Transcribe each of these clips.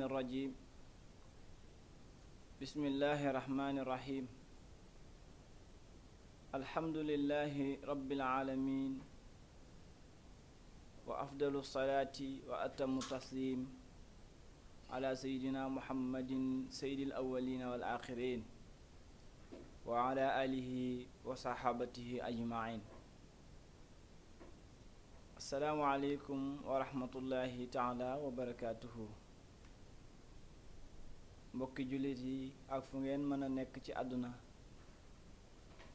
الشيطان الرجيم بسم الله الرحمن الرحيم الحمد لله رب العالمين وأفضل الصلاة وأتم التسليم على سيدنا محمد سيد الأولين والآخرين وعلى آله وصحابته أجمعين asalaamualeykum wa rahmatullahi taala wa barakatuhu mbokki jullit yi ak fu ngeen mën a nekk ci àdduna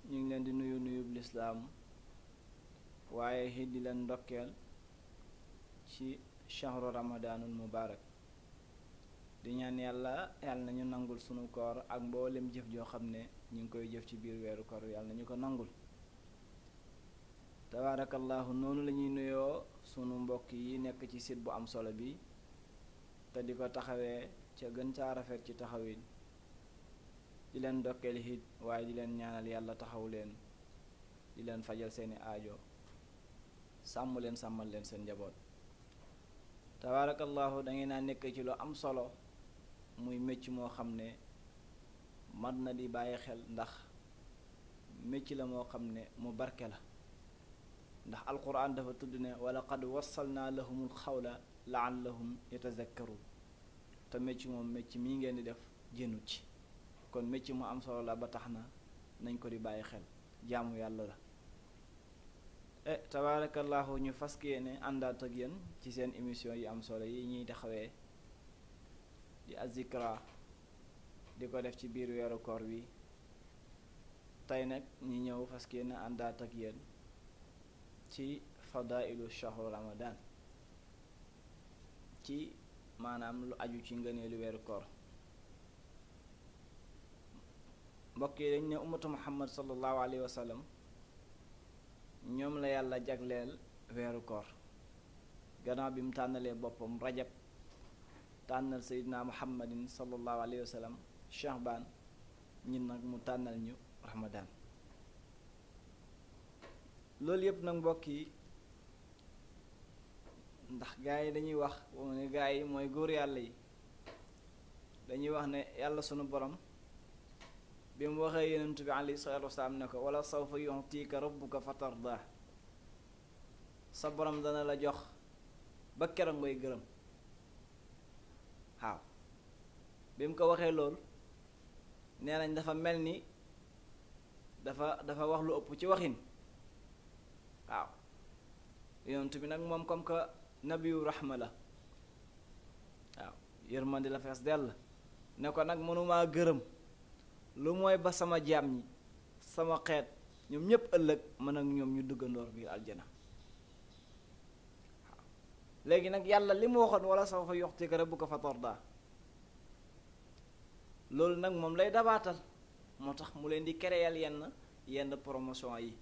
ñu ngi leen di nuyu nuyub lislaam waaye xiit di leen ndokkeel ci shahru ramadaanul mubaarak di ñaan yàlla yàlla na ñu nangul sunu koor ak mboolem jëf joo xam ne ñu ngi koy jëf ci biir weeru koor yàlla na ñu ko nangul tabaarakallahu noonu lañuy nuyoo sunu mbokk yi nekk ci site bu am solo bi te di ko taxawee ca gën caa rafet ci taxawin di leen dokkeel hit waaye di leen ñaanal yàlla taxaw leen di leen fajal seeni aajo sàmm leen sàmmal leen seen njaboot tabaarakallaahu da ngeen naa nekk ci lu am solo muy mécc moo xam ne mat na di bàyyi xel ndax mécc la moo xam ne mu barke la ndax alquran dafa tudd ne wala xaw la lahumul la laallahum yatazakkaruun te mécc moom mécc mii ngeen di def génnu ci kon mécc mu am solo la ba tax na nañ ko di bàyyi xel jaamu yàlla la e tabaarakallaahu ñu fas yéene àndaat ak ci seen émission yi am solo yi ñuy taxawee di azikra di ko def ci biir weeru koor wi tey nag ñu ñëw fas yéene àndaat ak yéen ci fadailu shahru ramadan ci maanaam lu aju ci lu weeru koor mbokk yi dañ ne ummatu muhammad sallallahu alayhi wa ñoom la yàlla jagleel weeru koor ganaaw bi mu tànnalee boppam rajab tànnal seydina muhammadin sallallahu alayhi wa sallam shahbaan ñin nag mu tànnal ñu ramadaan loolu yépp nag mbokk ndax gaa yi dañuy wax mu ne gaa yi mooy góor yàlla yi dañuy wax ne yàlla sunu borom bi mu waxee yonent bi alayhi salaatu wasalaam ne ko wala sawfa yu'tika rabbuka fatarda sa borom dana la jox ba keroog ngay gërëm waaw bi mu ko waxee loolu nee nañ dafa mel ni dafa dafa wax lu ëpp ci waxin waaw yonent bi nag moom comme que nabiyu rahma la waaw yërmande la fees dell ne ko nag mënumaa gërëm lu mooy ba sama jaam ñi sama xeet ñoom ñépp ëllëg mën ak ñoom ñu duggandoor biir aljana léegi nag yàlla li mu waxoon wala sawfa yu'tika rabbuka fatardaa loolu nag moom lay dabaatal moo tax mu leen di kereyal yenn yenn promotion yi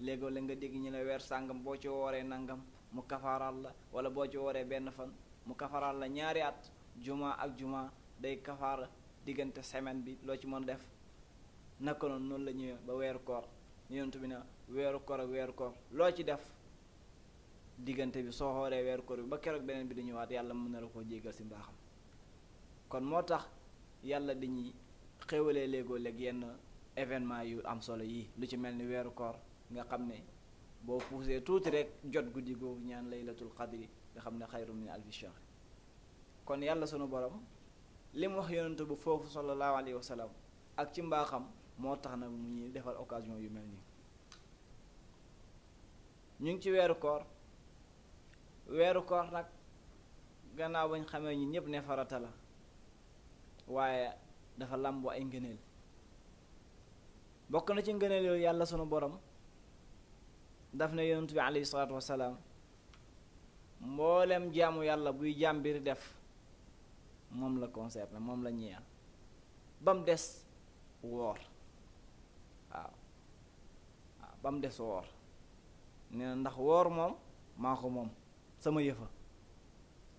léegoo la nga dégg ñi ne weer sàngam boo ci wooree nangam mu kafaaraal la wala boo ci wooree benn fan mu kafaaraal la ñaari at juma ak juma day kafaara diggante semaine bi loo ci mën def naka noonu noonu la ñëwee ba weeru koor yonent bi ne weeru koor ak weeru loo ci def diggante bi soo xooree weeru koor bi ba keroog beneen bi di ñëwaat yàlla mën na la koo jéggal si mbaaxam kon moo tax yàlla dañuy xéwalee léegoo léeg yenn événement yu am solo yii lu ci mel ni weeru koor nga xam ne boo poussé tuuti rek jot guddi googu ñaan laylatul qadri nga xam ne xayru ne alfi kon yàlla sunu borom li mu wax yonent bu foofu sallallahu alayhi wa ak ci mbaaxam moo tax nag mu ñuy defal occasion yu mel nii ñu ngi ci weeru koor weeru koor nag gannaaw bañ xamee ñi ñëpp ne farata la waaye dafa làmbu ay ngëneel bokk na ci ngëneel yooyu yàlla sunu borom daf na yonent bi alayhi salaatu wasalaam mboolem jaamu yàlla buy jàmbir def moom la concerné moom la ñeel ba mu des woor waaw ba mu des woor ne na ndax woor moom maa ko moom sama yëfa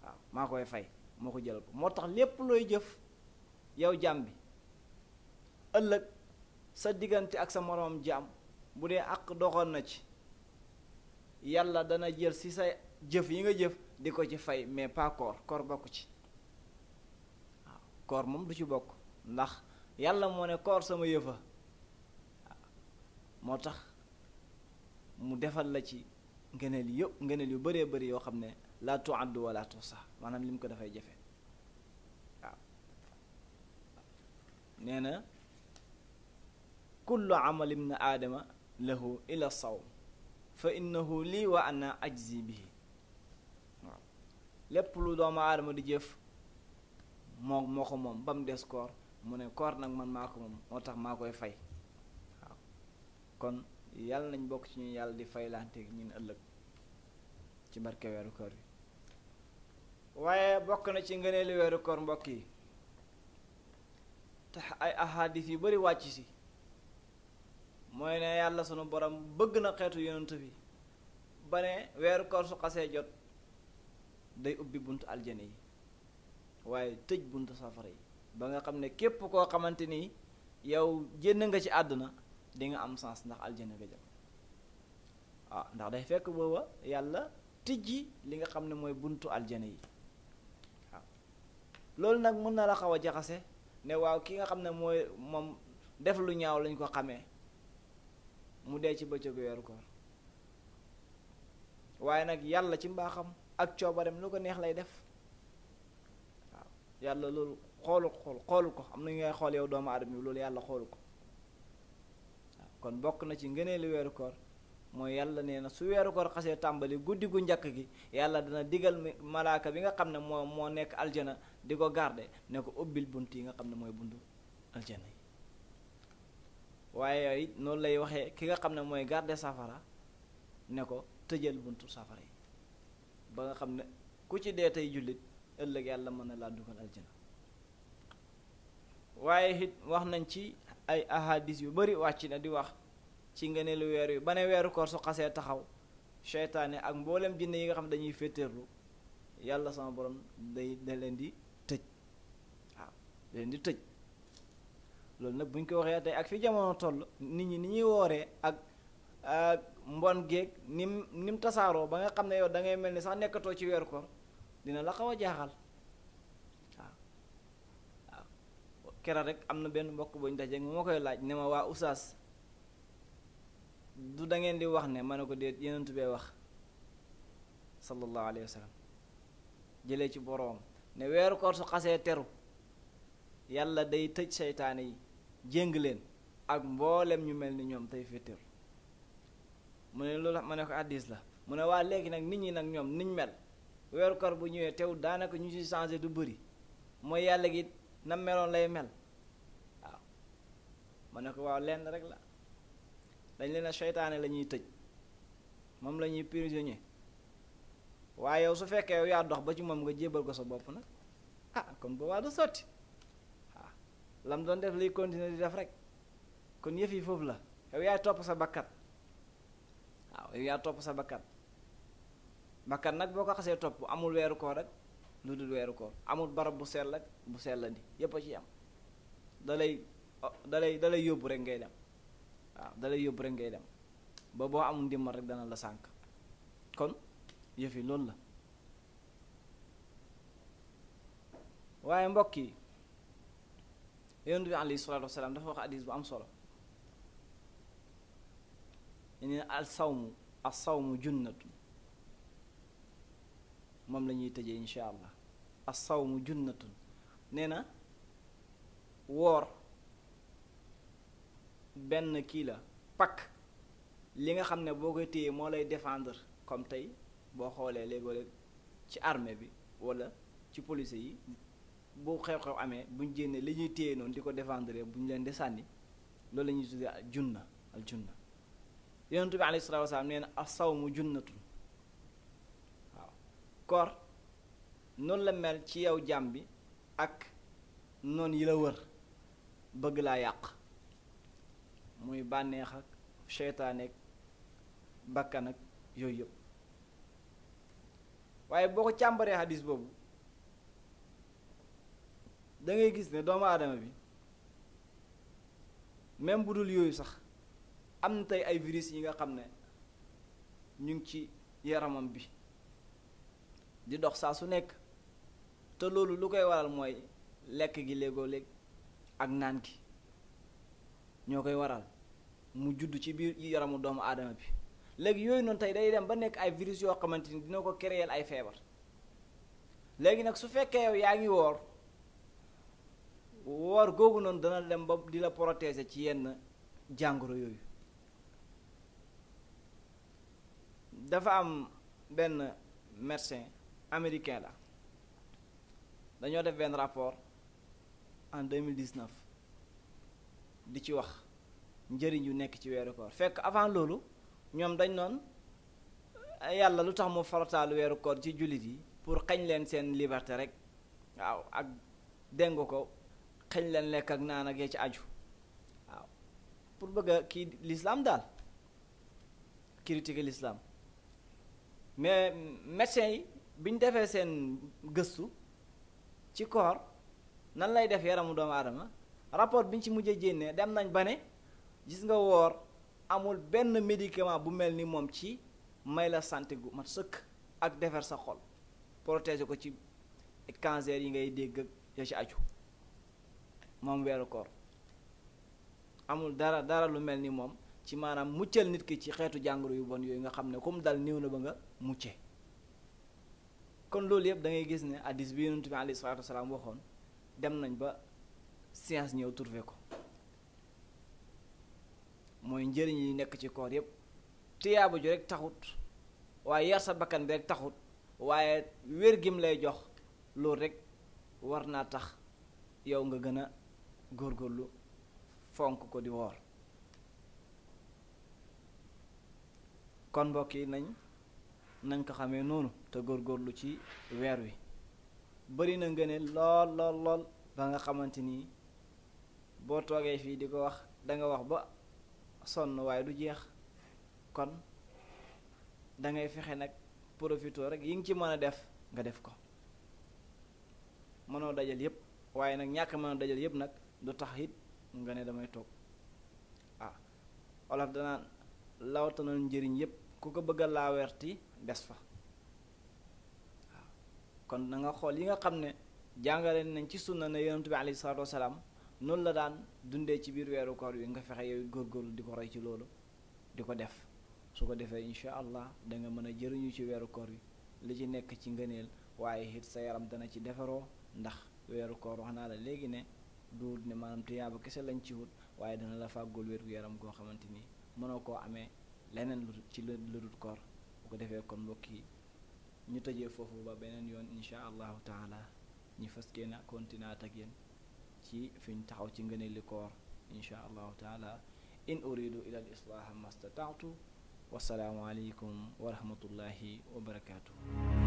waaw maa koy fay moo ko jëlal ko moo tax lépp looy jëf yow jaam bi ëllëg sa diggante ak sa moroom jaam bu dee àq doxoon na ci yàlla dana jël si sa jëf yi nga jëf di ko ci fay mais pas koor koor bokk ci waaw koor moom du ci bokk ndax yàlla moo ne koor sama yëfa moo tax mu defal la ci ngëneel yëpp ngëneel yu bëree bëri yoo xam ne laa tuaddu wala tusa maanaam li mu ko dafay jafe waaw nee na kullu amal na aadama lahu ila sawm fa innahu lii wa ana ajzi bihi waaw lépp lu dooma aadama di jëf moo moo ko moom ba mu des koor mu ne koor nag man maa ko moom moo tax maa koy fay kon yàlla nañ bokk ci ñu yàlla di faylante ñun ëllëg ci barke weeru koor bi waaye bokk na ci ngëneelu weeru koor mbokk yi tax ay ahadis yu bari wàcc si mooy ne yàlla sunu borom bëgg na xeetu yonent bi ba ne weeru koor su xasee jot day ubbi buntu aljane yi waaye tëj buntu safara yi ba nga xam ne képp koo xamante ni yow génn nga ci àdduna di nga am sens ndax aljane nga jëm waaw ah, ndax day fekk booba yàlla tijji li nga xam ne mooy buntu aljane yi ah, loolu nag mën na la xaw a jaxase ne waaw ki nga xam ne mooy moom def lu ñaaw lañ ko xamee mu dee ci bëccëgu weeru koor waaye nag yàlla ci mbaaxam ak coobarem lu ko neex lay def waaw yàlla loolu xoolu xool xoolu ko am na ñu ngay xool yow doomu aadama bi loolu yàlla xoolu ko waaw kon bokk na ci ngëneelu weeru koor mooy yàlla nee na su weeru koor xasee tàmbali guddi gu njëkk gi yàlla dina diggal malaaka bi nga xam ne moo moo nekk aljana di ko garde ne ko ubbil bunt yi nga xam ne mooy buntu aljana yi waaye it noonu lay waxee ki nga xam ne mooy garde safara ne ko tëjal buntu safara yi ba nga xam ne ku ci dee tey jullit ëllëg yàlla mën na laa dugal aljana waaye it wax nañ ci ay ahadis yu bari wàcc na di wax ci ngëneelu weer yu ba ne weeru koor su xasee taxaw seytaane ak mboolem jinne yi nga xam dañuy féeteerlu yàlla sama borom day da leen di tëj waaw da leen di tëj loolu nag bu ñu ko waxee tey ak fi jamono toll nit ñi ni ñuy wooree ak mbon géeg nim mu ni mu tasaaroo ba nga xam ne yow da ngay mel ni sax nekkatoo ci weeru koor dina la xaw a jaaxal waaw waaw rek am na benn mbokk bu ñu dajeeg moo koy laaj ne ma waa Oustaz du dangeen di wax ne ma ne ko déet yenentu bee wax sallallahu alayhi wa sallam jëlee ci boroom ne weeru koor su xasee teru yàlla day tëj seytaane yi jéng leen ak mbooleem ñu mel ni ñoom tey fitir mu ne loolu ma ne ko addis la mu ne waa léegi nag nit ñi nag ñoom niñ mel weeru koor bu ñëwee tew daanaka ñu ci changé du bëri mooy yàlla gi na meloon lay mel waaw ma ne ko waaw lenn rek la dañ leen a seytaane la ñuy tëj moom la ñuy prisonnier waaye yow su fekkee yow yaa dox ba ci moom nga jébal ko sa bopp nag ah kon boobaa du sotti lam doon def lay continuer di def rek kon yëf yi foofu la yow yaay topp sa bakkat waaw yow yaa topp sa bakkat bakkat nag boo ko xasee topp amul weeru ko rek lu dul weeru ko amul barab bu sell ak bu la di yépp a ci am dalay lay da yóbbu rek ngay dem waaw da yóbbu rek ngay dem ba boo amul ndimbal rek dana la sànk kon yëf yi loolu la waaye mbokk yi yonent bi alayhi salaatu wasalaam dafa wax hadiis bu am solo ni al sawmu al sawmu junnatun moom la ñuy tëjee incha allah al sawmu junnatun nee na woor benn kii la pakk li nga xam ne boo koy téyee moo lay défendre comme tey boo xoolee léegoo ci armée bi walla ci police yi boo xew-xew amee buñ jénnee li ñuy téye noonu di ko défendre bu ñu leen di sànni loolu lañuy ñuy ak al junna al junna yonent bi alayhi salaatu wasalaam nee na asawmu junnatun waaw koor noonu la mel ci yow jàmm bi ak noon yi la wër bëgg laa yàq muy bànneex ak seytaane ak bakkan ak yooyu yëpp waaye boo ko càmbaree xadis boobu da ngay gis ne doomu aadama bi même bu dul yooyu sax am na tey ay virus yi nga xam ne ñu ngi ci yaramam bi di dox saa su nekk te loolu lu koy waral mooy lekk gi léegoo léeg ak naan gi ñoo koy waral mu judd ci biir yaramu doomu aadama bi léegi yooyu noonu tey day dem ba nekk ay virus yoo xamante ni dina ko créer ay feebar léegi nag su fekkee yow yaa ngi woor war googu noonu dana dem ba di la protéger ci yenn jàngoro yooyu dafa am benn médecin américain la dañoo def benn rapport en 2019 di ci wax njëriñ yu nekk ci weeru koor fekk avant loolu ñoom dañ noon yàlla lu tax mu farataal weeru koor ci jullit yi pour xañ leen seen liberté rek waaw ak déngu ko xëñ leen lekk ak naan ak yee ci aju waaw pour bëgg a kii l'islam daal critiquer l'islam mais médecins yi bi ñu defee seen gëstu ci koor nan lay def yaramu doomu aadama rapport bi ñu ci mujjee jénnee dem nañ ba ne gis nga woor amul benn médicament bu mel ni moom ci may la santé gu mat sëkk ak defar sa xol protéger ko ci cancer yi ngay dégg ya ci aju moom weeru koor amul dara dara lu mel ni moom ci maanaam muccal nit ki ci xeetu jàngoro yu bon yooyu nga xam ne comme dal néew na ba nga mucce kon loolu yëpp da ngay gis ne addis bi yonent bi alayhi salaatu waxoon dem nañ ba science ñëw trouvé ko mooy njëriñ yi nekk ci koor yëpp tiyaaba ju rek taxut waaye yar sa bakkan bi rek taxut waaye wér gim lay jox loolu rek war naa tax yow nga gën a góor góorlu fonk ko di woor kon mbokk nañ nañ ko xamee noonu te góor góorlu ci weer wi bari na ngëneel lool lool lool ba nga xamante ni boo toogee fii di ko wax danga wax ba sonn waaye du jeex kon dangay fexe nag profito rek yi nga ci mën a def nga def ko mënoo dajal yépp waaye nag ñàkk mën a dajal yépp nag lu tax it nga ne damay toog ah olof danaan lawtanal njëriñ yépp ku ko bëgg a laawerti des fa ah, kon nanga xool yi nga xam ne jàngale nañ ci sunna ne yonent bi alayhi salaatu wasalaam noonu la daan dundee ci biir weeru koor yi nga fexe yow góorgóorlu di ko rey ci loolu di ko def su ko defee incha allah danga mën a jëriñu ci weeru koor yi li ci nekk ci ngëneel waaye it sa yaram dana ci defaroo ndax weeru koor wax naa la léegi ne du ne maanaam tiyaaba kese lañ ci wut waaye dana la fàggul wér gu yaram goo xamante ni mënoo koo amee leneen lu ci lu dul bu ko defee kon mbokk yi ñu tëjee foofu ba beneen yoon incha allahu taala ñu fas yéene a continuer ak yéen ci fi ñu taxaw ci ngëneeli koor incha allahu taala in uridu ila al islaaha mastataatu wasalaamu aleykum wa rahmatullahi